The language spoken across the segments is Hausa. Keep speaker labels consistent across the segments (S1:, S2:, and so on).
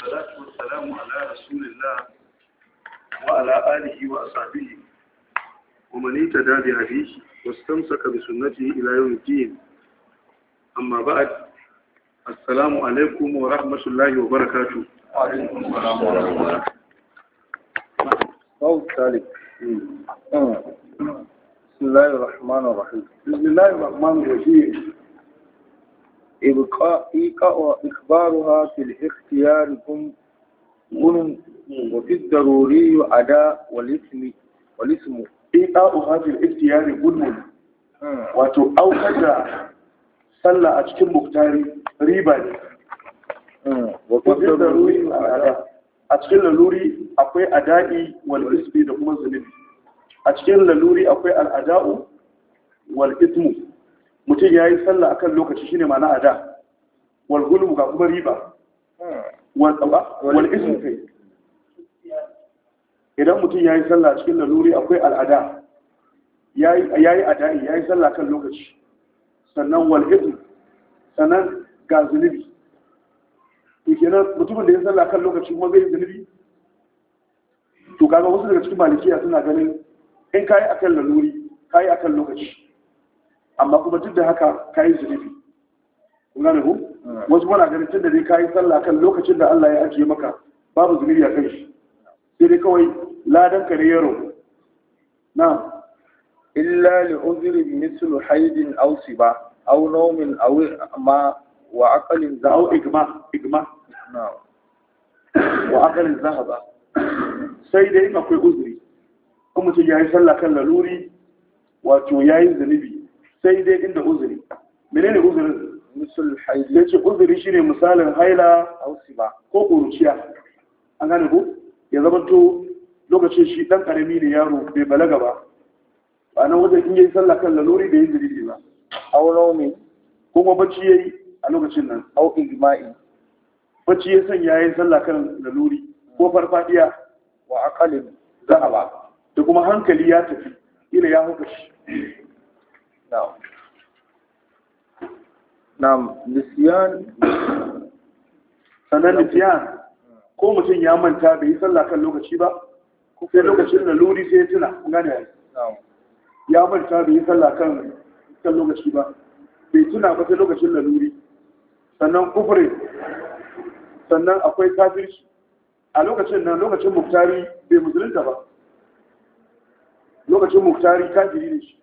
S1: salatu wa salamu ala rasulillah wa ala alihi wa ashabihi wa man ittaba bi hadihi wa istamsaka bi sunnatihi ila yawm al-din amma ba'd assalamu alaykum wa rahmatullahi wa barakatuh wa alaykum assalam wa rahmatullahi wa barakatuh bismillahir rahmanir rahim bismillahir rahmanir rahim إخبارها في الاختيار كن وفي الضروري أداء والاسم والاسم إيقاؤها في الاختيار كن wato aukar da sallah a cikin muktari riba ne a cikin laluri akwai ada'i wal ismi da kuma zunubi a cikin laluri akwai al'ada'u wal ismu mutum ya yi sallah kan lokaci shine ma'ana ma da wal gulmu ga kuma riba wal ismu kai idan mutum ya yi sallah cikin laluri akwai al'ada ya yi adai ya yi sallah kan lokaci sannan wal ismu sannan ga zunubi mutumin da ya sallah kan lokaci kuma zai yi zunubi to kaga wasu daga cikin malikiya suna ganin in kayi kan laluri kayi kan lokaci amma kuma duk da haka ka yi zunubi kun gane ku wasu muna ganin tun da dai ka yi sallah kan lokacin da Allah ya ajiye maka babu zunubi a kan shi sai dai kawai ladan ka ne ya na illa li uzri mislu haidin aw siba aw nawmin aw ma wa aqalin za aw igma igma na wa aqalin zahaba sai dai akwai uzuri kuma mutum ya yi sallah kan laluri wato ya yi zunubi sai dai inda uzuri menene uzuri misul haila ce uzuri shine misalin haila ba ko kuruciya an gane ku ya zama to lokacin shi dan karami ne yaro bai balaga ba ba nan wajen in yayi sallah kan lalori da yin dalili ba aw raumi ko kuma bacci yayi a lokacin nan au ijma'i bacci ya sanya yayi sallah kan lalori ko farfadiya wa aqalin zahaba da kuma hankali ya tafi ila ya shi. Sannan nisyan sanan nisyan ko mutum ya manta bai yi sallah kan lokaci ba sai lokacin da luri sai ya tuna gane ya manta bai yi sallah kan kan lokaci ba bai tuna ba sai lokacin da luri sannan kufre sannan akwai kafirci a lokacin nan lokacin muktari bai musulunta ba lokacin muktari kafiri ne shi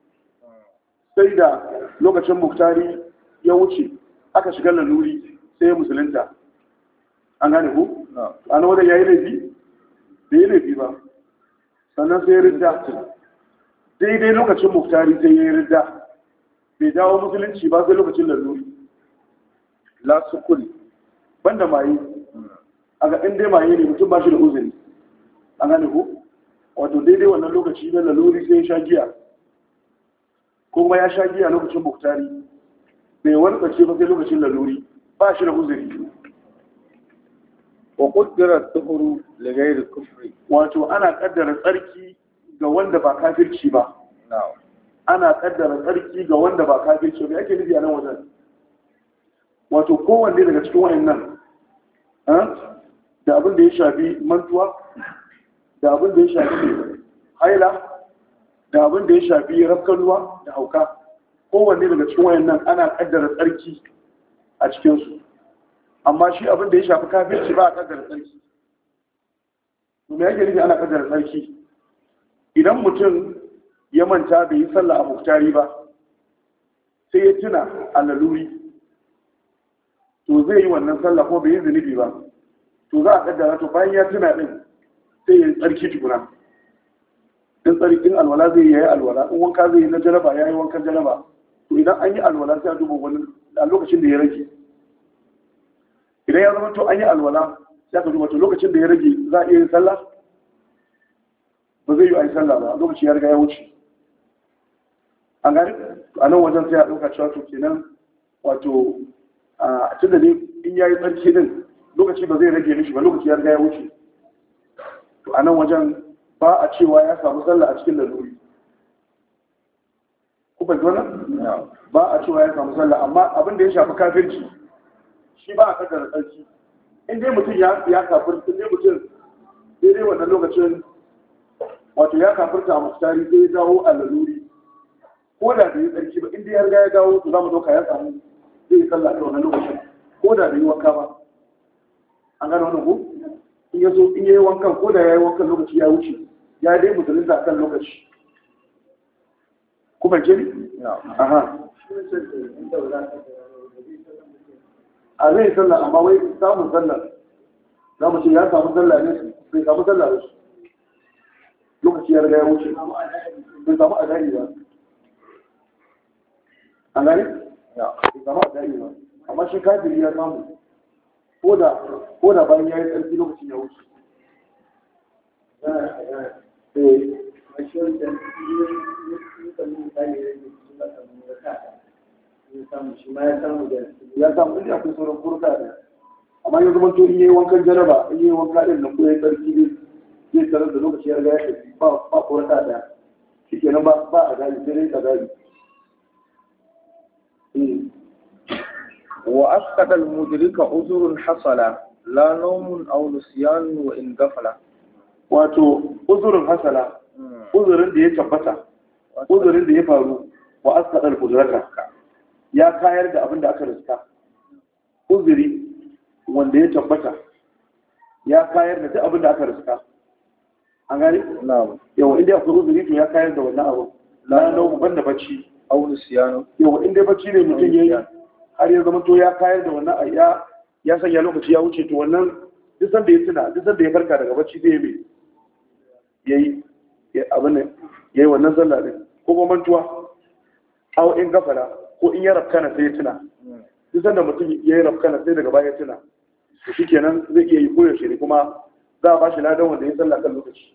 S1: sai da lokacin muktari ya wuce aka shiga laluri sai musulunta an gane ku a na wadda ya yi laifi da yi laifi ba sannan sai ridda daidai lokacin muktari sai ya yi ridda bai dawo musulunci ba sai lokacin laluri la sukuli banda maye hmm. a ga inda maye ne mutum ba shi da uzuri an gane ku wato daidai wannan lokaci na laluri sai ya sha giya ko kuma ya sha giya lokacin muktari bai warkace ba sai lokacin laluri ba shi da uzuri wa qaddara tuhuru li da kufri wato ana kaddara tsarki ga wanda ba kafirci ba ana kaddara tsarki ga wanda ba kafirci ba yake nufi a nan wajen wato kowanne daga cikin wayannan eh, da abin da ya shafi mantuwa da abin da ya shafi haila da abin da ya shafi rafkanuwa da hauka kowanne daga cikin wayannan ana kaddara tsarki a cikinsu amma shi abin da ya shafi kafirci ba a kaddara tsarki me yake nufi ana kaddara tsarki idan mutum ya manta bai yi sallah a muktari ba sai ya tuna a laluri to zai yi wannan sallah ko bai yi zunubi ba to za a kaddara to bayan ya tuna din sai ya tsarki tukuna in tsarkin alwala zai yi alwala in wanka zai yi na jaraba ya yi wankan jaraba to idan an yi alwala sai a duba wani a lokacin da ya rage idan ya zama to an yi alwala sai ka duba to lokacin da ya rage za a iya yin sallah ba zai yi a yi sallah ba lokaci ya riga ya wuce an gani a nan wajen sai a ɗauka cewa to kenan wato a tun da in ya yi tsarki din lokaci ba zai rage mishi ba lokaci ya riga ya wuce to a nan wajen ba a cewa ya samu sallah a cikin laluri kuma zuwa ba a cewa ya samu sallah amma abin da ya shafi kafirci shi ba a kaddara tsarki in dai mutum ya kafirta in dai mutum daidai wannan lokacin wato ya kafirta a mustari sai ya dawo a laluri ko da da ya tsarki ba in dai ya riga ya dawo to za mu doka ya samu zai yi sallah ta wani lokacin ko da da yi wanka ba an gano wani ku? in ya zo in ya yi wankan ko da ya yi wankan lokaci ya wuce ya dai musulunta kan lokaci kuma jini? aha a zai sallah amma wai samun sallah za mu ce ya samu sallah ne sai samu sallah da su lokaci ya riga ya wuce bai samu adari ba an Ya. bai samu adari ba amma shi kafiri ya samu ko da bayan ya yi tsarki lokacin ya wuce ya samu kudi akwai sauran kurka da amma ya zama to in yi wankan jaraba in yi wanka irin na kuma ya tsarki ne zai tarar da lokaci ya riga ya tafi ba ba kurka da shi kenan ba ba a gani sai dai a gani وأفقد المدرك عذر حصل لا نوم أو نسيان وإن غفل wato uzurin hasala uzurin da ya tabbata uzurin da ya faru wa asqal kudurata, ya kayar da abin da aka riska uzuri wanda ya tabbata ya kayar da duk abin da aka riska an gani na'am yawa inda akwai uzuri to ya kayar da wannan abu
S2: Na nau ban
S1: da bacci au siyano yawa inda bacci ne mutum ya yi. har ya zama to ya kayar da wannan ya ya sanya lokaci ya wuce to wannan duk da ya tuna duk da ya farka daga bacci zai yi yayi yi wannan sallah din ko kuma mantuwa aw in gafara ko in ya rafkana sai ya tuna duk sanda mutum ya yi rafkana sai daga baya tuna to shikenan zai iya yi koyaushe ne kuma za a bashi ladan wanda ya sallah kan lokaci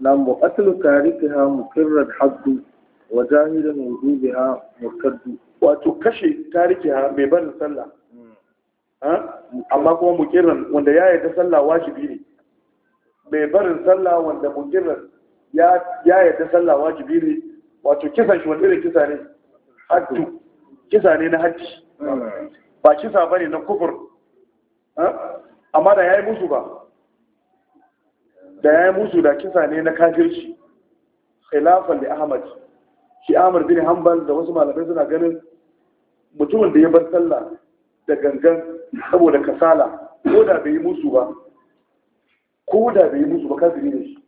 S1: lam wa aslu tarikiha muqirrat haddu wa jahilan wujubiha murtaddu wato kashe tarikiha mai barin sallah hmm. amma kuma muqirran wanda ya yi ta sallah wajibi ne mai barin sallah wanda mujirin ya yadda sallah wajibi ne wato kisan shi wanda irin kisa ne haddu kisa ne na haddi ba kisa ba ne na kufur amma da ya yi musu ba da ya yi musu da kisa ne na kafirci khilafan da ahmad shi ahmad bin hanbal da wasu malamai suna ganin mutumin da ya bar sallah da gangan saboda kasala ko da bai yi musu ba ko da bai musu ba kafiri ne shi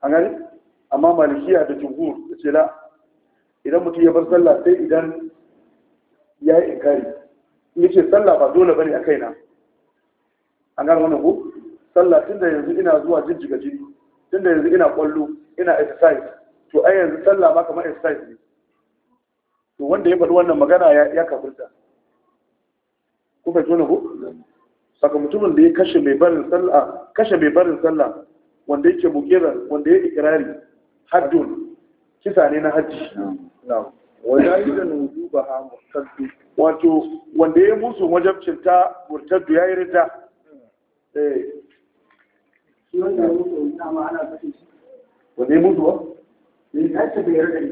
S1: an gani amma malikiya da jumhur da ce la idan mutum ya bar sallah sai idan ya yi inkari ce sallah ba dole bane a kaina an gani wannan ko sallah tunda yanzu ina zuwa jijjiga jini tunda yanzu ina kwallo ina exercise to ai yanzu sallah ma kamar exercise ne to wanda ya faɗi wannan magana ya kafirta kuka ji wannan ko saka mutumin da ya kashe mai barin sallah kashe mai barin sallah wanda yake mukiran wanda ya ikirari haddun kisa ne na haji wanda yi da ba ha wato wanda ya musu wajabcin ta murtaddu ya yi rita eh. wanda ya musu ya ce wanda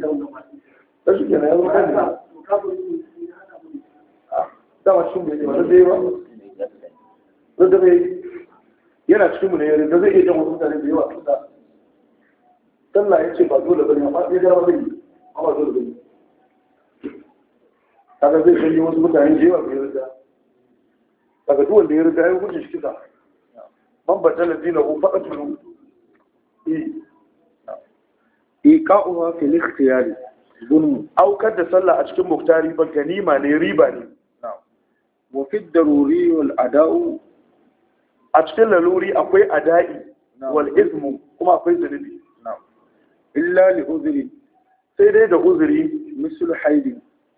S1: ah, ba ke na yawon kan da ba rinda zai yana cikin mu ne rinda zai iya jan wasu mutane da yawa tunda sallah ya ce ba dole bane amma ya gara zai amma dole bane kaga zai janyo wasu mutane da yawa bai rinda daga duk wanda ya riga ya hukunci shi kisa man batala dinahu faqatulu e. iqa'uha fil ikhtiyari zulm aukar da sallah a cikin muktari ba ganima ne riba ne wa fi daruri wal ada'u a cikin laluri akwai ada'i wal izmu kuma akwai zunubi illa li uzuri sai dai da uzuri misal haidi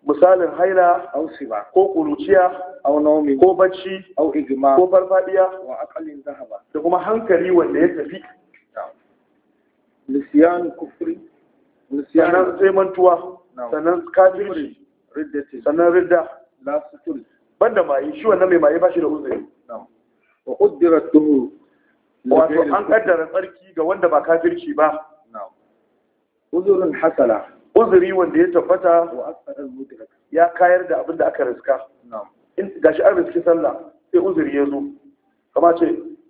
S1: misalin haila aw siba ko kuruciya aw naumi ko bacci aw ijma ko farfadiya wa aqalin zahaba da kuma hankali wanda ya tafi nisyan kufri nisyan sai mantuwa sannan riddati sannan ridda la sutul banda mai shi wannan mai mai bashi da uzuri wa kuddirar duhu wato an kaddara tsarki ga wanda ba kafirci ba uzurin hasala uzuri wanda ya tabbata ya kayar da abin da aka riska Ga shi an riski sallah sai uzuri ya zo kama ce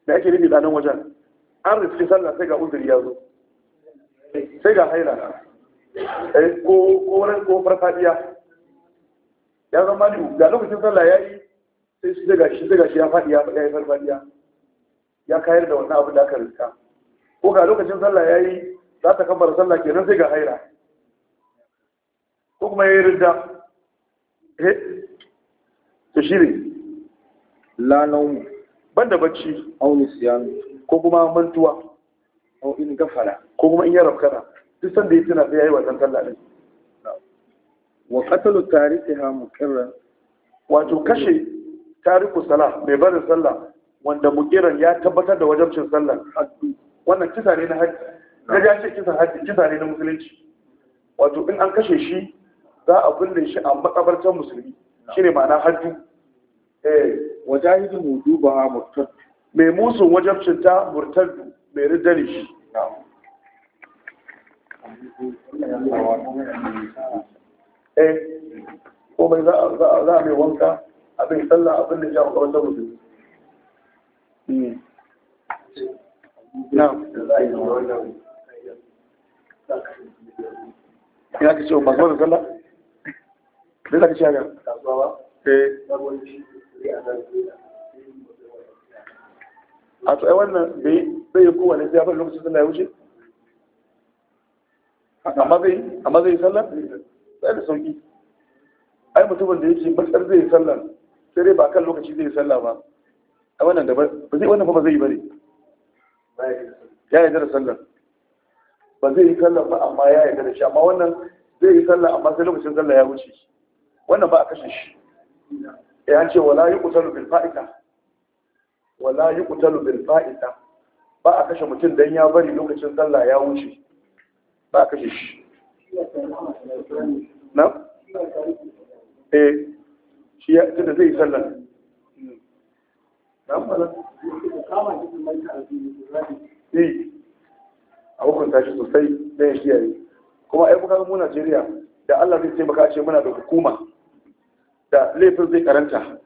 S1: da ake nufi tsanan wajen an riski sallah sai ga uzuri ya zo sai ga haila eh, ko ko farfadiya ya zama ne ga lokacin sallah ya yi sai shi daga shi daga shi ya faɗi ya faɗi ya farfadiya ya kayar da wannan abu da aka riska ko ga lokacin sallah ya yi za ta kammala sallah kenan sai ga haira ko kuma ya yi rinda eh to shi Ban da banda bacci auni siyan ko kuma mantuwa au in gafara ko kuma in ya kana. duk sanda ya tuna sai ya yi wannan sallah din wa qatalu tarihiha muqirran wato kashe tariku sala mai barin sallah wanda mukiran ya tabbatar da wajabcin sallah wannan kisa ne na haji na ya ce kisan haji kisa ne na musulunci wato in an kashe shi za a binne shi a makabartar musulmi shine ma'ana haddu eh wajahidu a murtad mai musun wajabcin ta murtaddu mai ne shi eh ko mai za a mai wanka abin sallah abin da ja kawai saboda na ina ka ce ba zuwa da sallah da za ka ce haka eh. a to ai wannan bai yi kowane sai abin lokacin sallah ya wuce amma zai yi sallah sai da sauki ai mutumin da yake matsar zai yi sallah sai dai ba kan lokaci zai yi sallah ba a wannan da ba zai wannan ba zai yi bane ya yi da sallar ba zai yi sallar ba amma ya yi da shi amma wannan zai yi sallah amma sai lokacin sallah ya wuce wannan ba a kashe shi ya eh, ce wala yi bil fa'ita wala yi bil fa'ita ba a kashe mutum dan ya bari lokacin sallah ya wuce ba a kashe shi na eh shi ya tunda zai yi sallar eh, a hukunta shi sosai don ya kiyaye kuma ai kuka mu Najeriya da Allah zai taimaka ce muna da hukuma da laifin zai karanta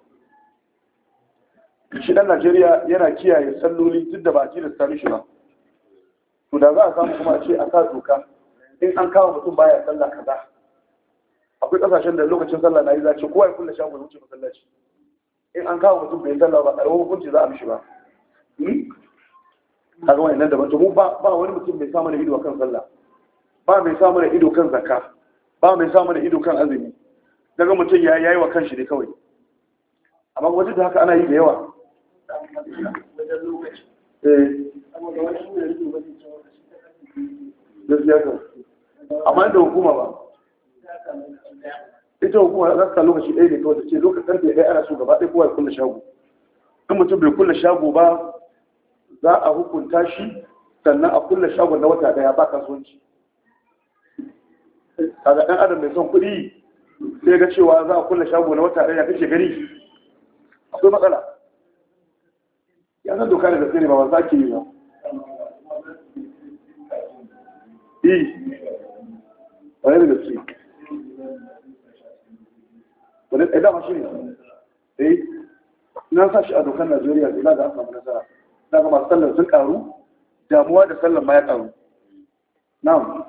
S1: shi dan Najeriya yana kiyaye salloli duk da ba a tilasta mishi ba to da za a samu kuma a ce a sa doka in an kawo mutum baya sallah kaza akwai kasashen da lokacin sallah na yi za ce kowa ya kulle shagon wuce masallaci in an kawo mutum bai sallah ba karo hukunci za a mishi ba hmm? a ga wani nan daban to mu ba wani mutum bai samu da ido kan sallah ba mai samu da ido kan zakka ba mai samu da ido kan azumi daga mutum ya yayi wa kanshi ne kawai amma wajen da haka ana yi da yawa eh. amma da hukuma ba ita hukuma za ta lokaci ɗaya ne kawai ta ce lokacin karfe ɗaya ana so gaba ɗaya kowa ya kulle shago kuma mutum bai kulle shago ba za a hukunta shi sannan a kulle shago na wata ɗaya ba kasuwanci kaga ɗan adam mai son kuɗi sai ga cewa za a kulle shago na wata ɗaya kake gari akwai matsala ya san doka da gaske ne ba wanda ake yi ba eh wani da gaske wani ɗaya eh, dama shi ne eh na sa shi a dokar najeriya da za a samu nasara na ga masu sallar sun ƙaru damuwa da sallar ma ya ƙaru na'am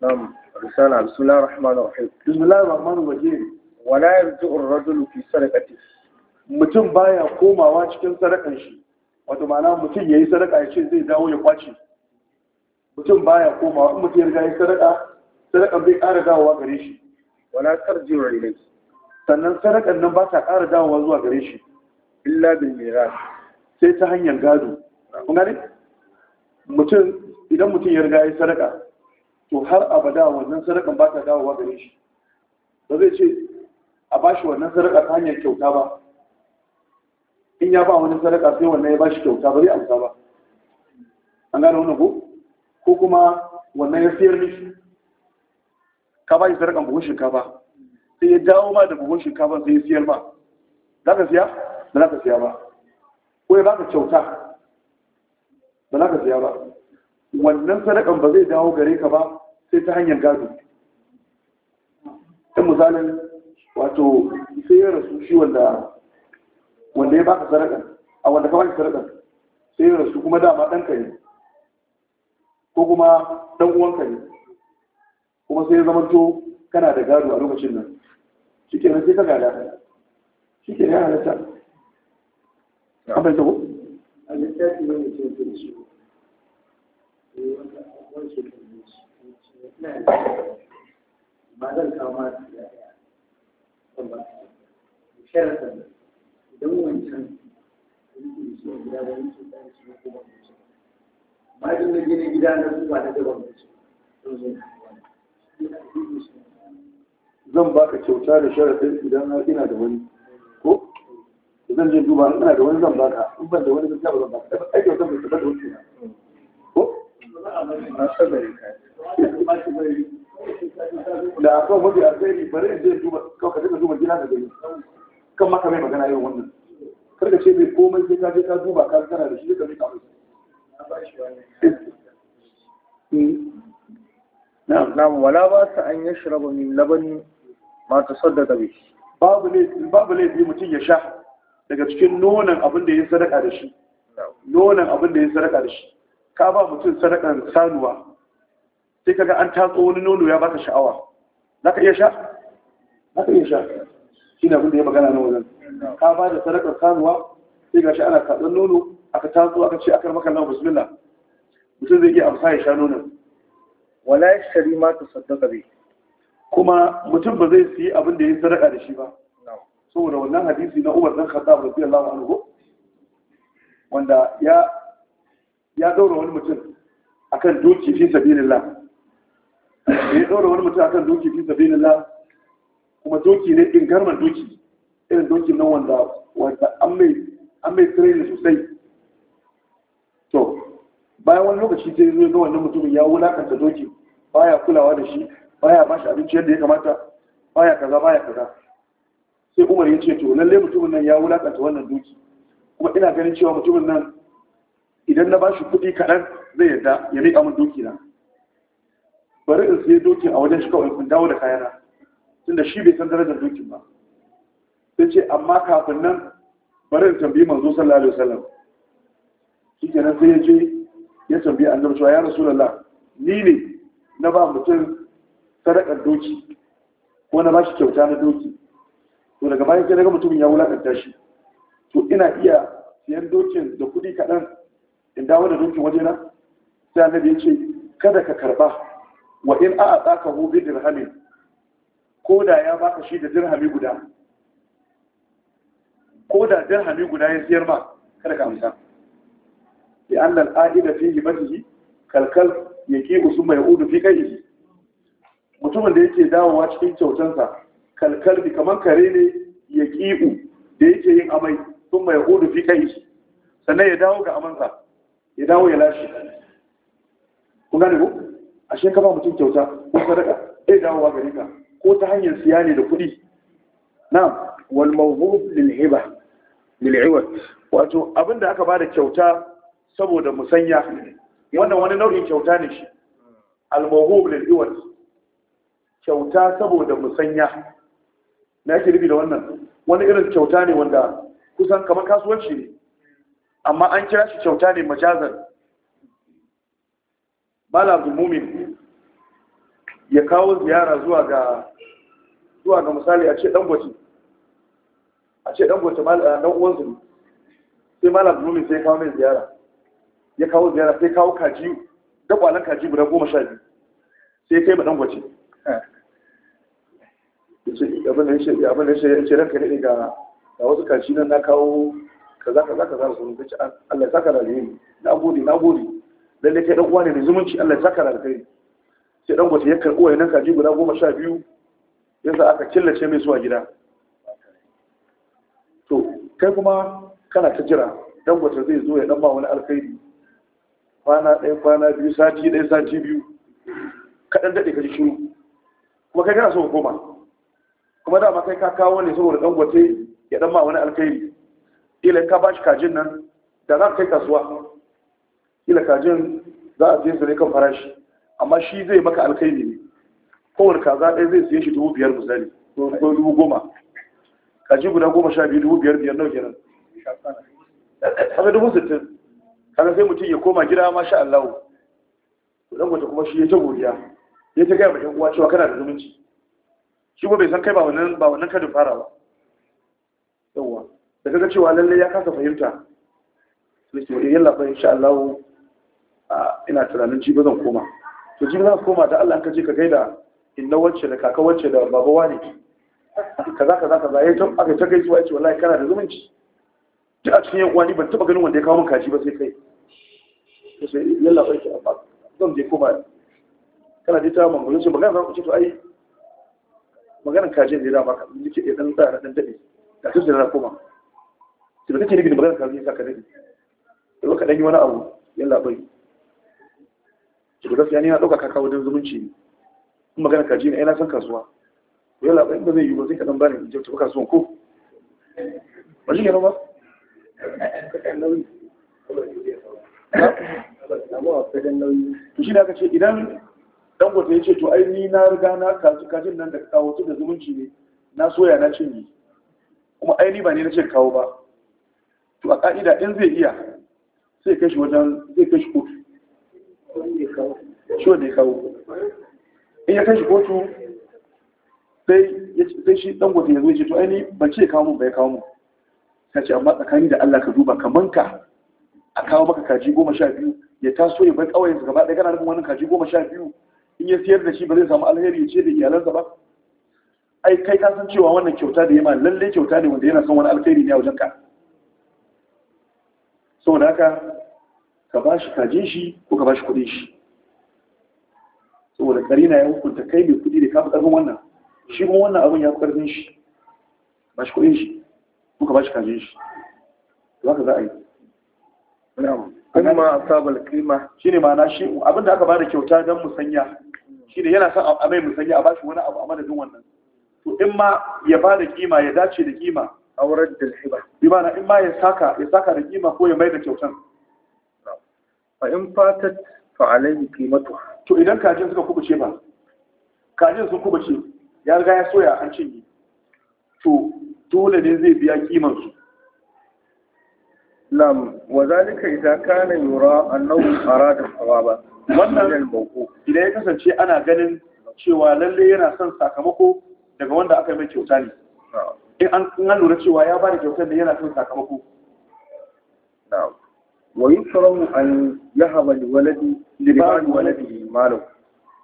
S1: na'am risala bismillahir rahmanir rahim bismillahir rahmanir rahim wala yarji'u ar-rajulu fi sadaqati mutum baya komawa cikin sadakan shi wato ma'ana mutum yayi sadaka ya ce zai dawo ya kwace mutum baya komawa in mutum ya riga ya sadaka sadakan bai ƙara dawowa gare shi wala tarji'u ilayhi sannan sadakar nan ba ta ƙara dawowa zuwa gare shi illa bin miras sai ta hanyar gado Kuma ne, mutum idan mutum ya riga ya sadaka to har abada wannan sadakan ba ta dawowa gare shi ba zai ce a ba shi wannan sadaka ta hanyar kyauta ba in ya ba wani sadaka sai wannan ya ba shi kyauta ba zai amsa ba an gane wannan ko ko kuma wannan ya siyar mishi ka ba shi sadakan buhun shinkafa sai ya dawo ma da buhun shinkafa sai ya siyar ma za ka siya ba za ka siya ba ko ya baka kyauta ba za ka siya ba wannan sadakan ba zai dawo gare ka ba sai ta hanyar gado ta misalin wato sai ya rasu shi wanda wanda ya baka sadakan a wanda ka baki sadakan sai ya rasu kuma dama ka ne ko kuma ɗan uwanka ne kuma sai ya zamanto kana da gado a lokacin nan shi ke nan sai ka gada shi ke nan halatta an a littafi eh, wani ce da shi ba zan kama da ya ba sharatan idan wancan rikin su gida ba yake ɗan su ko ba su ma gina gida na su ba na gaban su don zai na ne. zan baka kyauta da sharafin idan har ina da wani ko zan je duba in ina da wani zan baka in ban da wani zan ba zan baka ai kyautar bai da wani na ko da akan wani alkhairi bari in je duba kawai ka dinga duba gida da gani kan maka mai magana yin wannan karka ce mai komai sai ka je ka duba ka tsara da shi ka mai kamar نعم نعم ولا بأس أن يشرب من لبن ma ta saddaka bi babu laifi babu laifi mutum ya sha daga cikin nonan abin da ya sadaka da shi nonan abin da ya sadaka da shi ka ba mutum sadakan sanuwa sai kaga an tatso wani nono ya baka sha'awa zaka iya sha zaka iya sha shi ne abin da ya magana na wajen ka ba da sadakan sanuwa sai gashi ana tatsan nono aka tatso aka ce aka maka lawa bismillah mutum zai iya amsa ya sha nonon wala yashtari ma tasaddaqa bihi kuma mutum ba zai siyi abin da ya sadaka da shi ba saboda wannan hadisi na Umar dan Khattab radiyallahu anhu wanda ya ya daura wani mutum akan doki fi sabilillah ya daura wani mutum akan doki fi sabilillah kuma doki ne din garman doki irin doki nan wanda wanda an mai an mai training sosai to bayan wani lokaci sai zo wannan mutumin ya wulakanta doki baya kulawa da shi baya ba shi abinci yadda ya kamata baya kaza baya kaza sai umar ya ce to lalle mutumin nan ya wulakanta wannan duki. kuma ina ganin cewa mutumin nan idan na ba shi kuɗi kaɗan zai yarda ya miƙa min duki na bari in siya dokin a wajen shi kawai kun dawo da kayana tunda shi bai san darajar dokin ba sai ce amma kafin nan bari in tambayi manzo sallallahu alaihi wasallam shikenan sai ya je ya tambayi annabi cewa ya rasulullah ni ne na ba mutum sadakar doki ko na bashi kyauta na doki to daga bayan sai daga mutumin ya wulakanta shi to ina iya siyan dokin da kuɗi kaɗan in dawo da dokin na sai annabi ya ce kada ka karɓa wa in a tsaka hu bi dirhamin ko da ya baka shi da dirhami guda ko da dirhami guda ya siyar ma kada ka amsa bi annal a'ida fihi hibatihi kalkal yaqi usuma yaudu fi kai. mutumin da yake dawowa cikin kyautansa kalkalbi kamar kare ne ya ƙi'u da yake yin amai sun mai hudu fi kai sannan ya dawo ga amansa ya dawo ya lashe ku gane ku a shi ka ba mutum kyauta ko sadaka zai dawowa gari ka ko ta hanyar siya ne da kuɗi na wal mawhub lil hiba lil iwat wato abinda aka bada kyauta saboda musanya wannan wani nau'in kyauta ne shi al mawhub lil iwat kyauta saboda musanya na yake rubi da wannan wani irin kyauta ne wanda kusan kamar kasuwanci ne amma an kira shi kyauta ne majazan bala zumumin ya kawo ziyara zuwa ga zuwa ga misali a ce gwaji. a ce dangote eh, dan uwansu ne sai malam zumumin sai kawo mai ziyara ya kawo ziyara sai kawo kaji dakwalan kaji guda goma sha biyu sai kai ma gwaji. abin ya ce ranka daɗe ga wasu kashi nan na kawo kaza kaza kaza su ne ta Allah ya saka da na gode na gode lalle kai dan uwa ne mai zumunci Allah ya saka da alheri sai dan gote ya karɓo wayannan kaji guda goma sha biyu yasa aka killace mai zuwa gida to kai kuma kana ta jira ɗan gote zai zo ya dan ba wani alkhairi kwana ɗaya kwana biyu sati ɗaya sati biyu kaɗan daɗe ka ji shiru kuma kai kana so ka koma kuma dama kai ka kawo ne saboda dangote ya dan ma wani alkhairi ila ka bashi kajin nan da za ka kai kasuwa ila kajin za a je su ne kan farashi amma shi zai maka alkhairi ne kowane kaza ɗaya zai siye shi dubu biyar misali ko dubu goma kaji guda goma sha biyu dubu biyar biyar nauke kenan kaga dubu sittin kaga sai mutum ya koma gida masha Allah ku dan kuma shi ya ta godiya ya ta gaya ma uwa cewa kana da zumunci shi ba bai san kai ba wannan ba wannan kadin fara ba yawa da kaga cewa lalle ya kasa fahimta sai ce eh, yalla fa insha Allah ina tunanin jibi zan koma to jibi zan koma da Allah ka je ka gaida inna wacce da kaka wacce da baba wani kaza kaza kaza yayi eh, tun aka ta gaisuwa ce, wallahi kana da zumunci duk a cikin yan uwa ni ban taba ganin wanda ya kawo min kaji ba sai kai sai yalla fa insha Allah zan je koma kana ji ta mangulun ce magana za ku ce to ai maganan kajin da ya dama kan yake ya eh, ɗan tsara dan dade da su da koma sai kake nufi kaje, maganan kajin ka dade to ka dan yi wani abu yalla bai ki ga gaskiya ni na ɗauka kakawo don zumunci ne in maganan kaji ne ai na san kasuwa yalla bai ba zai yi ba sai ka dan bani in je ta kasuwan ko ba shi ne ba to shi da aka ce idan dangote ya ce to ai ni na riga na kaji kajin nan da kawo su da zumunci ne na soya na cinye kuma ai ni ba ne na ce kawo ba to a ka'ida in zai iya sai kai shi wajen zai kai shi kotu shi wanda ya kawo in ya kai shi kotu sai shi dangote ya zo ya ce to ai ni ba ce kawo mun ba ya kawo mun ka ce amma tsakani da Allah ka duba kaman ka a kawo maka kaji goma sha biyu ya taso ya bar ƙawayensa gaba ɗaya kana nufin wani kaji goma sha biyu in ya siyar da shi ba zai samu alheri ya ce da iyalansa ba ai kai ka san cewa wannan kyauta da yamma lalle kyauta ne wanda yana son wani alheri ne a wajenka saboda haka ka ba shi kajin shi ko ka ba shi kudin shi saboda karina ya hukunta kai mai kuɗi da ka fi karfin wannan shi kuma wannan abin ya fi karfin shi ba shi kuɗin shi ko ka ba shi kajin shi za ka za a yi Kuma kuma asabal kima shine ma'ana shi abinda aka ba da kyauta don musanya shi ne yana son a mai musanya a bashi wani abu a madadin wannan to in ma ya ba da kima ya dace da kima a wurin da ba bi na in ma ya saka ya saka da kima ko ya mai da kyautan fa in fatat fa alayhi qimatu to idan kajin suka kubuce ba kajin sun kubuce ya riga ya soya an cinye to dole ne zai biya kimansu? su Na'am, wa zalika idan kana yura annahu arada thawaba. Wannan idan ya kasance ana ganin cewa lalle yana son sakamako daga wanda aka yi mai kyauta ne. In an lura cewa ya bada kyautar da yana son sakamako. Na'am. Wa yukramu an yahaba li waladi li ba'd waladi malu.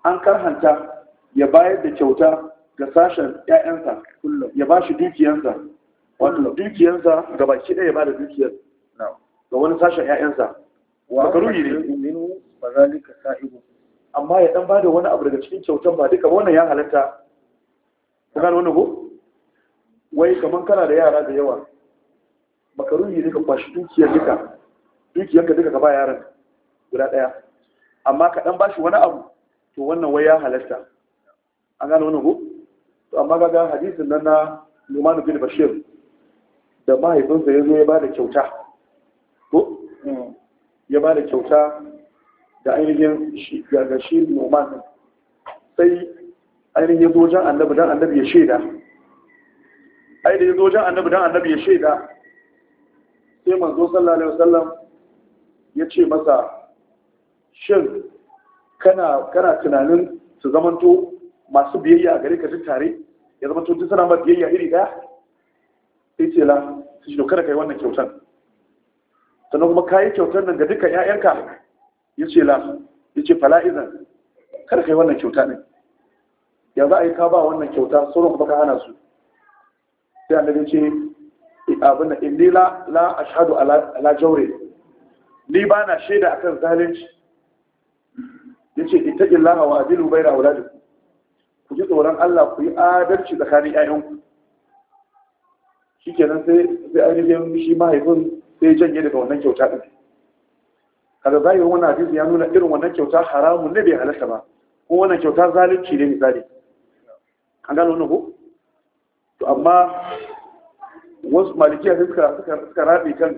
S1: An karhanta ya bayar da kyauta ga sashen ƴaƴansa ya ba shi dukiyansa. Wato dukiyansa gabaki ɗaya ya ba da ga wani sashen wa makaruhi ne sahibu amma ya dan bada wani abu daga cikin kyautan ba duka wannan ya halatta ku gane wannan ko wai kaman kana da yara da yawa makaruhi ne ka kwashi dukiyar duka dukiyar ka duka ka ba yaran guda daya amma ka dan bashi wani abu to wannan wai ya halatta an gane wannan ko to amma ga hadisin nan na Numan bin Bashir da mahaifinsa ya zo ya bada kyauta ya ba da kyauta da ainihin ga shi noman sai ainihin zo annabi don annabi ya shaida ainihin zo wajen annabi don annabi ya shaida sai manzo sallallahu alaihi wasallam ya ce masa shin kana tunanin su zamanto masu biyayya a gare ka tare ya zamanto duk suna ma biyayya iri daya sai ce la su shi dokar kai wannan kyautan sannan kuma kayi kyautar nan ga dukkan Ya ce la ce fala'izan kada kai wannan kyauta din yanzu yi ka ba wannan kyauta sauran kuma ka hana su sai daga ce abin da inni la la ashhadu ala ala jaure ni ba na shaida akan zalunci yace ittaqillaha wa adilu bayna da ku ji tsoron Allah ku yi adalci tsakanin 'ya'yanku. shi kenan sai ainihin shi mahaifin sai janye daga wannan kyauta din kaga zai yi wannan hadisi ya nuna irin wannan kyauta haramun ne bai halatta ba ko wannan kyauta zalunci ne misali an gano wannan ko to amma wasu malikiya sai suka suka suka rabe kan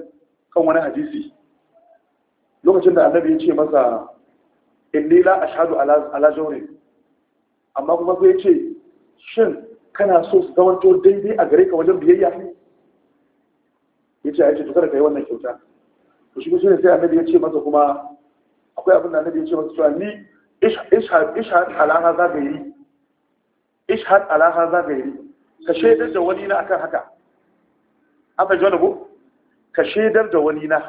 S1: kan wani hadisi lokacin da annabi ya ce masa inni la ashhadu ala ala jawri amma kuma sai ya ce shin kana so su zamanto daidai a gare ka wajen biyayya ya ce a yace tukar ka yi wannan kyauta to shi ne sai annabi ya ce masa kuma akwai abin da annabi ya ce masa cewa ni ishad alaha za ka yi ishad alaha za ka yi ka shaidar da wani na akan haka an fahimci wani ko ka shaidar da wani na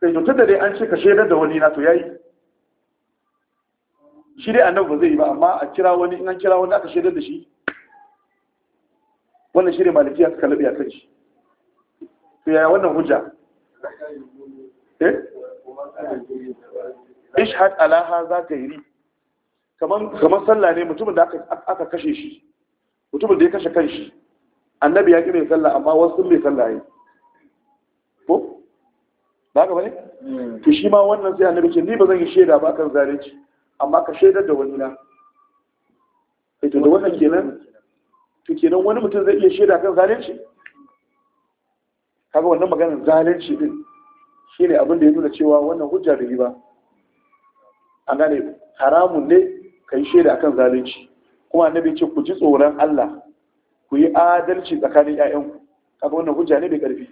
S1: sai to tunda dai an ce ka shaidar da wani na to yayi shi dai annabi ba zai yi ba amma a kira wani in an kira wani aka shaidar da shi wannan shi ne malikiya suka labe a kan shi to yaya wannan hujja eh ishhad ala hadha ghairi kaman kaman sallah ne mutumin da aka aka kashe shi mutumin da ya kashe kanshi annabi ya ki mai sallah amma wasu mai sallah yi ko ba ka bane hmm. to shi ma wannan sai annabi ce ni ba zan yi shaida ba kan zalunci amma ka shaidar da wani na eh, to da wannan kenan to kenan wani mutum zai iya shaida kan zalunci kaga wannan maganar zalunci din shi ne abin da ya nuna cewa wannan hujja da riba an gane haramun ne ka yi shaida akan zalunci kuma annabi ce ku ji tsoron Allah ku yi adalci tsakanin ƴaƴanku kaga wannan hujja ne mai ƙarfi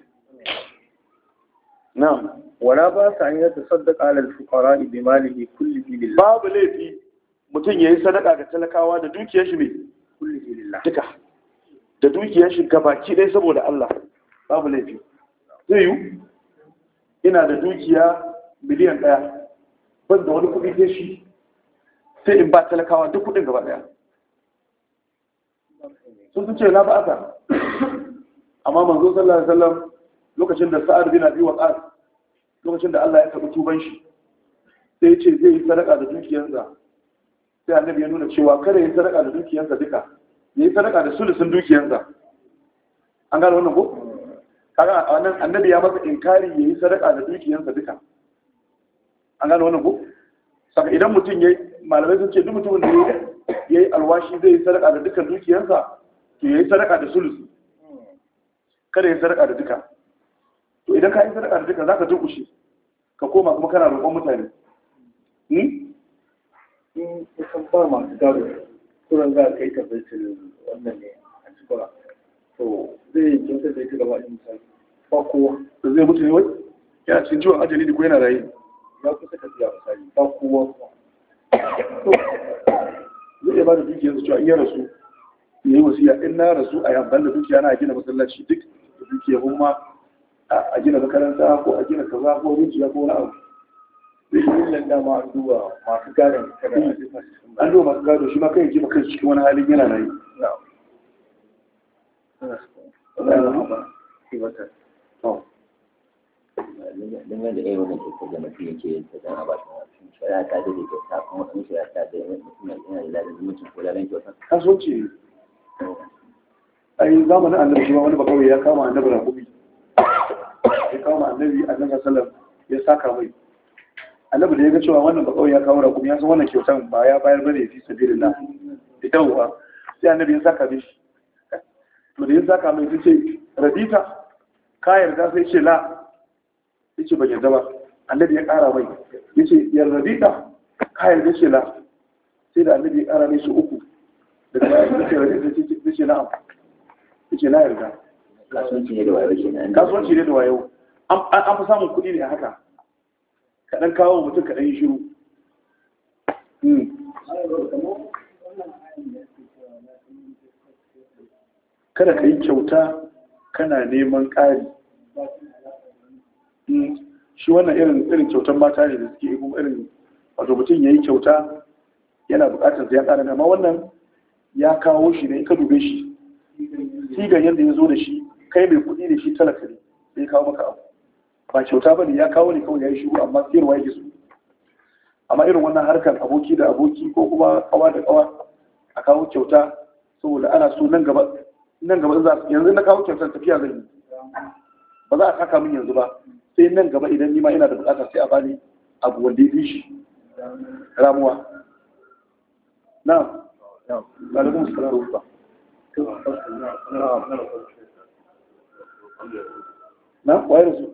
S1: na'am wala ba sa an yata sadaka alal fuqara bi malihi kullihi lillah babu laifi mutum yayi sadaka ga talakawa da dukiyar shi mai kulli lillah duka da dukiyar shi baki dai saboda Allah babu laifi zai yi ina da dukiya miliyan ɗaya ban da wani kudi ke shi sai in ba talakawa duk kuɗin gaba ɗaya sun sun ce na ba'ata amma manzo sallallahu alaihi wasallam lokacin da sa'ad bin abi waqas lokacin da Allah ya taɓa tuban shi sai ya ce zai yi sadaka da dukiyarsa sai annabi ya nuna cewa kada ya yi sadaka da dukiyarsa duka ya yi sadaka da sulusun dukiyarsa an gane wannan ko kaga a nan annabi ya masa inkari ya yi sadaka da dukiyansa duka an gane wannan ko saka idan mutum ya malamai sun ce duk mutumin da ya yi alwashi zai yi sadaka da dukkan dukiyansa to ya yi sadaka da sulusi kada ya yi sadaka da duka to idan ka yi sadaka da duka za ka durkushe ka koma kuma kana roƙon mutane hmm? in kan ba ma, gado kuran za ka yi wannan ne a cikin to zai kyautar da ita gaba ɗin ba kowa zai mutu ne wai yana ciwon ajali da ko yana ya kusa ka siya ba kowa zai iya ba da dukiyar su cewa iya rasu ya yi wasiya in na rasu a yamban da dukiya na gina masallaci duk da a gina makaranta ko a gina kaza ko ko abu zai yi nan masu gadon an masu gado shi ma kai ji ba cikin wani halin yana na yi dangane da irin da ke da yake ba shi shari'a ta da kyauta kuma wani ta da mutum yana da lalata mutum ko lalata kyauta zamanin annabi shi ma wani bakawai ya kama annabi ya kama annabi annabi sallam ya saka mai annabi da ya ga cewa wannan bakawai ya kawo rakumi ya san wannan kyautan ba ya bayar bane fi sabilillah ita uwa sai annabi ya saka mishi to da ya saka mai ta ce radita ka yarda sai ce la ya ce ban yarda ba annabi ya kara mai ya ce yar radita ka yarda ce la sai da annabi ya kara mai su uku da bayan ya ce radita ta ce la ya ce la yarda kasuwanci ne da kasuwanci ne da wayo an fi samun kuɗi ne haka kaɗan kawo mutum kaɗan yi shiru hmm. kada ka yi kyauta kana neman ƙari hmm, shi wannan irin irin kyautar mata ne da suke kuma irin wato mutum ya yi kyauta yana buƙatar ya ƙara amma wannan ya kawo shi ne ka dube shi sigar yadda ya zo da shi kai mai kuɗi da shi talaka ne sai kawo maka abu ba kyauta ba ne ya kawo ne kawai ya yi shigo amma sayarwa yake so amma irin wannan harkar aboki da aboki ko kuma kawa da kawa a kawo kyauta saboda ana so nan gaba nan gaba yanzu na kawo kyautar tafiya zan ba za a saka min yanzu ba sai nan gaba idan ni ma ina da bukatar sai a bani abu wanda ya shi ramuwa na rufa na kwayar su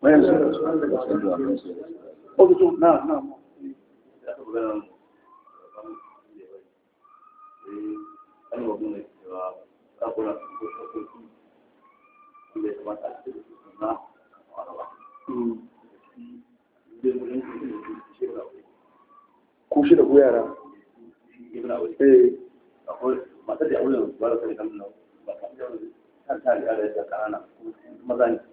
S1: kwayar su na na sai kalmar nuna cewa sabuwar ko shakoki da ya kamata a cikin su suna araba ku da ta, yara ta eh. matar da ta ba da ta kalmar ba ta kan ta riga da ya ta, maza ta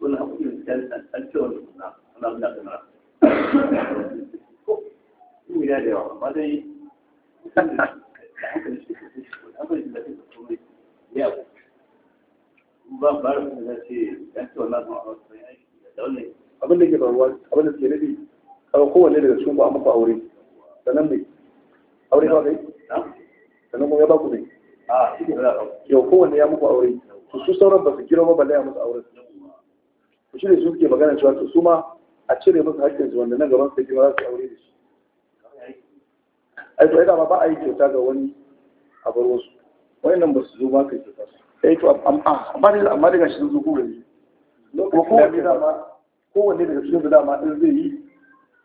S1: wannan hakukin ta, cewa ta suna suna ta, ko yi da yawa ba dai ban ba da kuma ce dan ce wannan sun aure da abin da ke faruwa abin da ke nadi kawai kowanne daga cikin ku an muku aure sannan me aure ba kai sannan kuma ya ba ne a yau kowanne ya muku aure to su sauran ba su kira ba balle musu aure to shi ne su ke magana cewa to su ma a cire musu haƙƙinsu wanda nan gaban su ke za su aure da su? ai to dama ba a yi kyauta ga wani a bar wasu wayannan ba su zo ba kai kyauta su eh to ah, amma ne amma daga shi zo kuma ne kowanne daga cikin dama in zai yi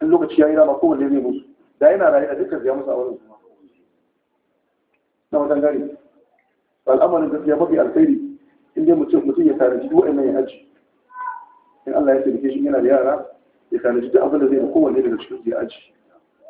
S1: in lokaci ya yi dama kowanne zai musu da yana rayu a dukkan zai musu a wurin kuma na wajen gari al'amarin gaskiya mafi alkhairi in dai mutum mutum ya tarihi duk wa'annan ya haji in Allah ya taimake shi yana da yara ya tarihi duk abin da zai da kowanne daga cikin zai aji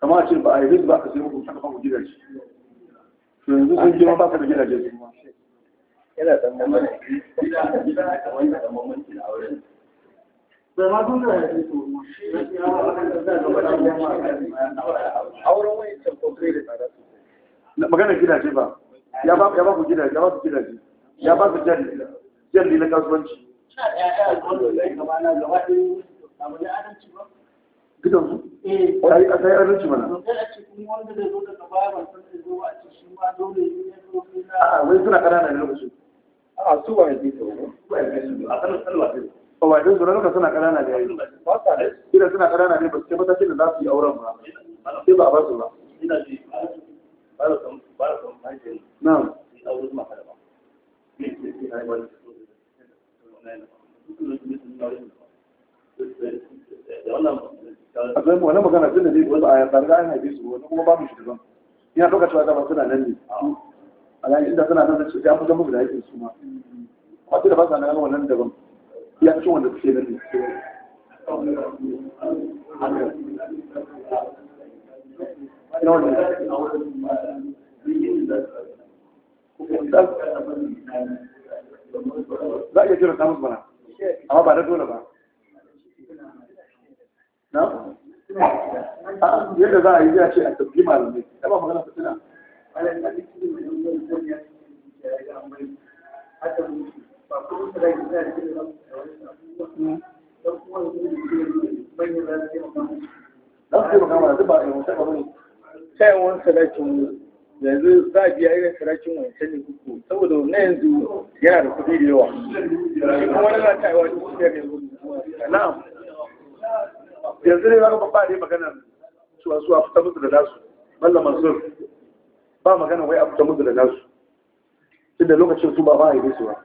S1: kamar a ce ba a yi ba ka sai muku ku gidaje yanzu sun ba da gidaje su yana da mamman gida gida wanda da mamman da ma da to auren da gidaje ba ya ba ba ku gidaje ya ba gidaje ya ba da dukan su sai a sai mana a wai suna kanana ne a su ba su ba ji su ba ba ba ba ba su yi auren ba ba ba su ba ba ba ba ba ba Akwai wani magana tun da zai a yanzu ga an haife su wani kuma babu shugaban ina ɗauka cewa dama suna nan ne a nan inda suna nan da su ya da su ma da ba sa nan wannan daban ya fi wanda suke nan ne za a iya kira samun bana amma ba da dole ba na? yadda za a yi ya ce a tafi malamai ta ba Ta fitina sayawan sadakin yanzu za a biya irin sadakin wancan ne kuku saboda na yanzu yana da kuɗi da yawa shi kuma wani za ta yi wa duk da yanzu na'am yanzu ne zaka ba ne magana su wasu a fita musu da nasu malla mansur ba magana wai a fita musu da nasu tunda lokacin su ba ba a yi su ba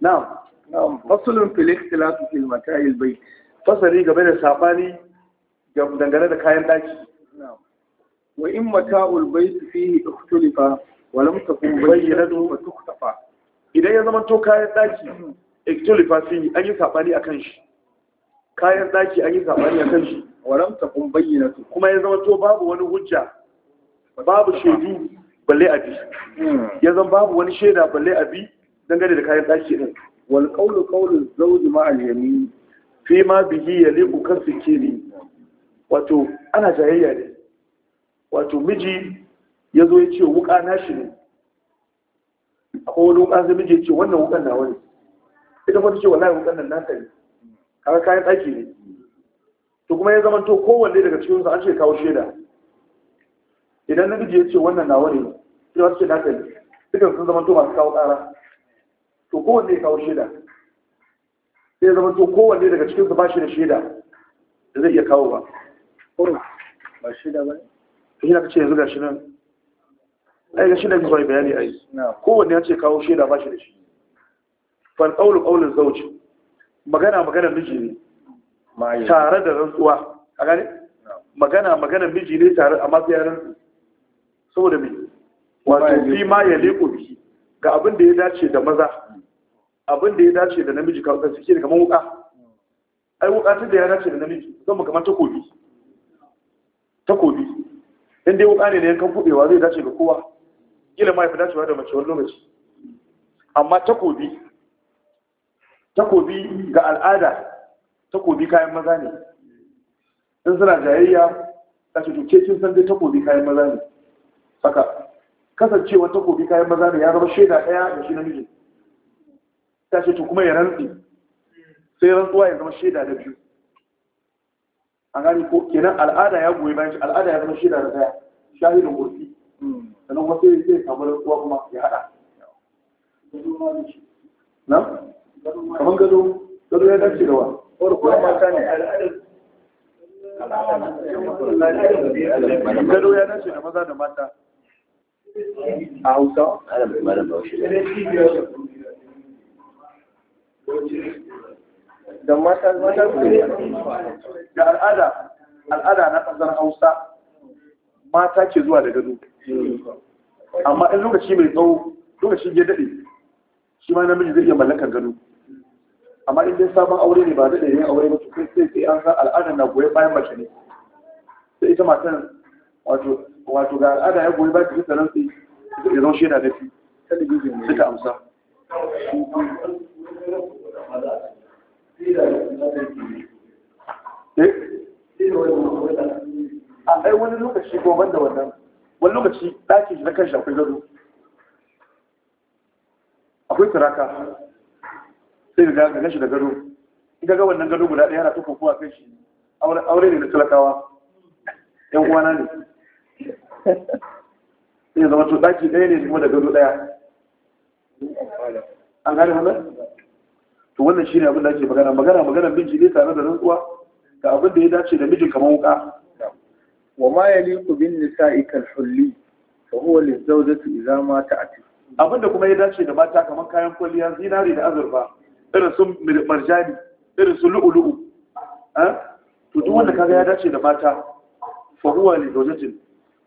S1: na'am na'am fasulun fil ikhtilafu fil makayil bai. fasari game da sabani dangane da kayan daki wa in mata'ul bayt fihi ikhtilafa wa lam takun bayyinatu wa tuktafa idan ya zama to kayan daki hmm. ikhtilafa fihi an yi sabani akan shi kayan daki an yi sabani kan shi kun bayyana su kuma ya zama to babu wani hujja babu shaidu balle abi hmm. ya zama babu wani shaida balle abi dangane da kayan daki din wal qawlu qawlu zawji ma al yamin fi ma bihi yaliqu kafikiri wato ana jayayya ne wato miji ya zo ya ce wuka nashi ne akwai wani wuka zai miji ya ce wannan wukan na wani? ita kuma ta ce wallahi wukan nan naka ne kaga kayan ɗaki ne to kuma ya zama to kowanne daga cikin su an ce kawo shaida idan namiji ya ce wannan nawa ne sai wasu ce naka ne sun zama to masu kawo ƙara to kowanne ya kawo shaida sai ya zama to kowanne daga cikin su ba shi da shaida da zai iya kawo ba ba shaida ba ne ka ce yanzu ga shi nan ai ga shi da zuwa bayani ai kowanne ya ce kawo shaida ba shi da shi fal qawlu qawlu zawji magana magana miji ne tare da rantsuwa a gane magana magana miji ne tare a sai yaran saboda mai wato fi ma ya leko biki ga abin da ya dace da maza abin da ya dace da namiji ka suke da kamar wuka ai wuka tun da ya dace da namiji zan kamar takobi takobi inda ya wuka ne da yankan kuɗewa zai dace da kowa kila ma ya fi dacewa da mace wani lokaci amma takobi takobi ga al'ada takobi kayan maza ne in suna jayayya a cikin kin san dai takobi kayan maza ne haka kasancewa takobi kayan maza ne ya zama shaida ɗaya da shi namiji ta ce to kuma ya rantsi sai rantsuwa ya zama shaida da biyu an gani ko kenan al'ada ya goyi bayan al'ada ya zama shaida da ɗaya shahidin gurfi sannan wasu zai samu rantsuwa kuma ya haɗa na? kamar gado gado ya dace da wa warkuwa mata ne gado ya dace da maza da mata a hausa
S2: da mata mata
S1: da al'ada al'ada na ƙasar hausa mata ke zuwa da gado amma in lokaci mai tsawo lokaci ya daɗe shi ma namiji zai iya mallakar gado amma in dai sabon aure ne ba da da yin aure ba sai sai sai an san al'ada na goyi bayan mace ne sai ita matan wato wato ga al'ada ya goyi bayan ta nan sai ya zama shaida da shi
S2: sai
S1: ta amsa eh? a ɗai wani lokaci ko ban da wannan wani lokaci ɗaki na kan shi akwai gado akwai turaka sai ga ga shi da gado in ga wannan gado guda ɗaya yana tuka kuwa kai shi aure ne da talakawa yan uwana ne sai ya zama to ɗaki ɗaya ne kuma da gado ɗaya an gane wannan to wannan shi ne abin da ake magana magana magana miji ne tare da rantsuwa ga abin da ya dace da mijin kamar wuka wa ma ku bin nisa'i kal hulli fa huwa lizawjati idza mata ati abin da kuma ya dace da mata kamar kayan kwalliya zinari da azurfa irin marjani irin su lu'ulu'u to duk wanda kaga ya dace da mata faruwa ne li zawjatin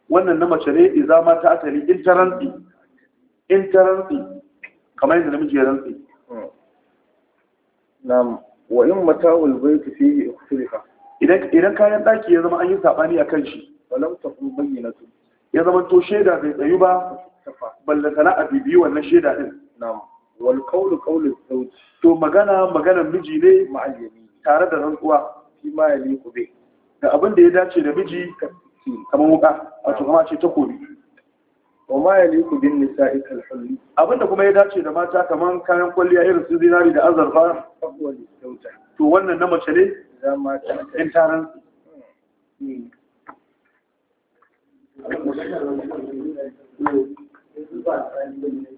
S1: wannan na mace ne iza mata asali in taranti in taranti kamar yadda namiji ya rantsi na'am wa in mata'ul bayt fihi ikhtilafa idan idan kayan daki ya zama an yi sabani kan shi walam takun bayyinatu ya zama to shaida bai tsayu ba ballantana a bibiyi wannan shaida din na'am wal qawlu sauti to magana magana miji ne ma'ayyami tare da rantsuwa shi ma ya ni kube da abin da ya dace da miji kamar wuka wato kamar ce takobi wa ma ya ni kubin nisa kal hulli abin da kuma ya dace da mata kamar kayan kwalliya irin su zinari da azurfa to wannan na mace ne za ma ta Thank you. Hmm.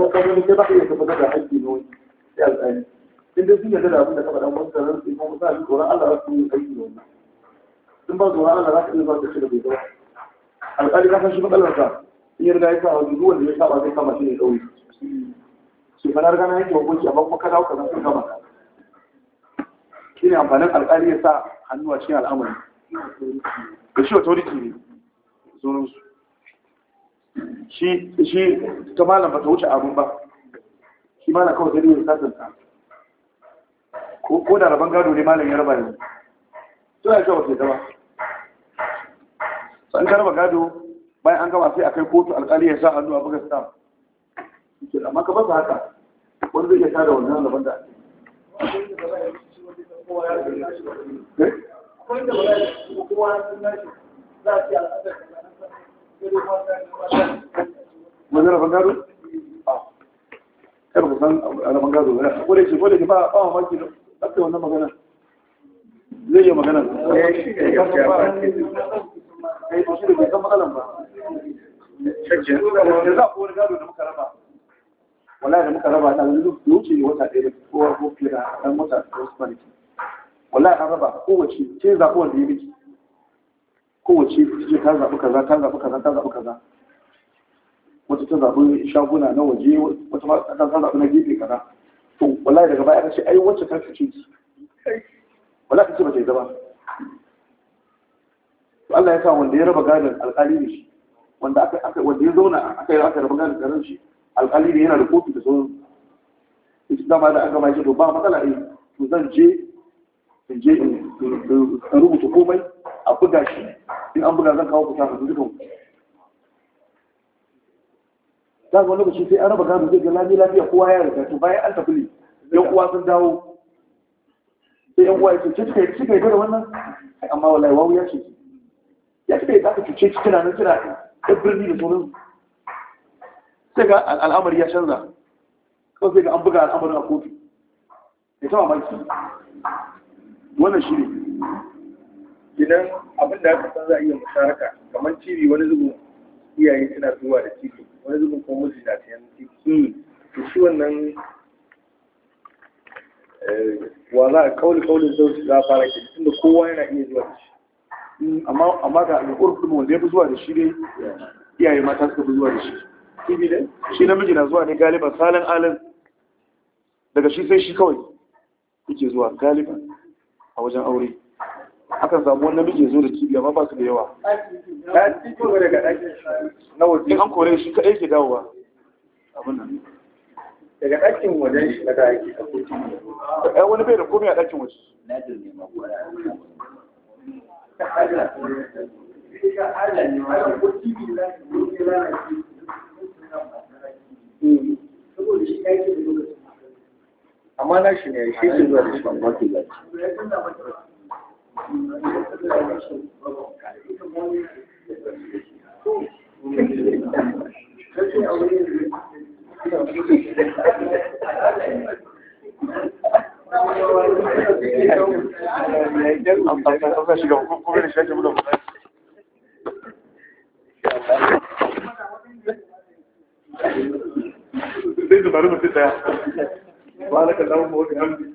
S1: ruwan kan wani kai ba ka iya da haƙƙi na wani sai alƙali in dai sun yarda da abin da ka faɗa sai kuma tsoron Allah za yi aiki da wani in ba ne kama shi ne amfanin cikin al'amari da shi shi ta malam bata ta wuce abun ba shi malam kawai zai yi sasanta ko da rabon gado ne malam ya raba ne to ya kawai sai ta zama. san ka raba gado bayan an gama sai a kai kotu alkali ya sa hannu a buga stamp amma ka ba haka wani zai iya da wannan rabon da eh? Akwai da ba a yi kuma za al'adar majalar bangaro? Ah. kar ku san ana bangaro ba ko da ke ko da ke ba maki da ake wannan magana zai yi magana kai eh, yi shi da eh, bai san matsalan ba da za ku wani gado da muka raba Wala da muka raba ta wuce wata ɗaya ko ko fiye a ɗan wata ko su Wala wallahi an raba kowace ce zaɓuwar da ya miki kowace ce ta zaɓi kaza ta zaɓi kaza ta zaɓi kaza wata ta zaɓi shaguna na waje wata ma ta zaɓi na gefe kaza to wallahi daga baya ta ce ai wacce ta ce ki wallahi ta ce ba ta yi zama to Allah ya sa wanda ya raba gadon alƙali ne shi wanda aka aka wanda ya zauna aka aka raba gadon garin shi alƙali ne yana da kofi da sauran ita dama da aka ma shi to ba matsala eh to zan je in je in rubuta komai a buga shi in an buga zan kawo ku tafi dukkan za ga wani lokaci sai an raba gado zai ga lafiya lafiya kowa ya riga to bayan an tafi ne yan uwa sun dawo sai yan uwa ya ce kika kai kika yi da wannan amma wallahi wawu ya ce ya ce da zaka cuce cikin nan kina da birni da sunan sai ga al'amari ya canza kawai sai ga an buga al'amarin a kofi ya sama maki wannan shi ne idan abin da aka san za a iya musharaka kamar cibi wani zubin iyaye suna zuwa da cibi wani zubin kuma miji na sayan cibi hmm. to shi wannan eh, wa za a kauli kaulin zauci za a fara ke da kowa yana iya zuwa da shi hmm, amma amma ga kuma wanda ya fi zuwa da shi dai iyaye mata suka fi zuwa da shi cibi dai shi namiji na zuwa ne Galiba salin alin daga shi sai shi kawai yake zuwa galiba a wajen aure Aka samu wani namiji zo da kibiya ba ba su da yawa na waje an kore shi ka ke dawowa abin nan daga ɗakin wajen shi na da wani bai da komai a ɗakin waje amma na shi ne shi ke zuwa da shi ba ba ke Wa alaƙa zama mawai hamdi,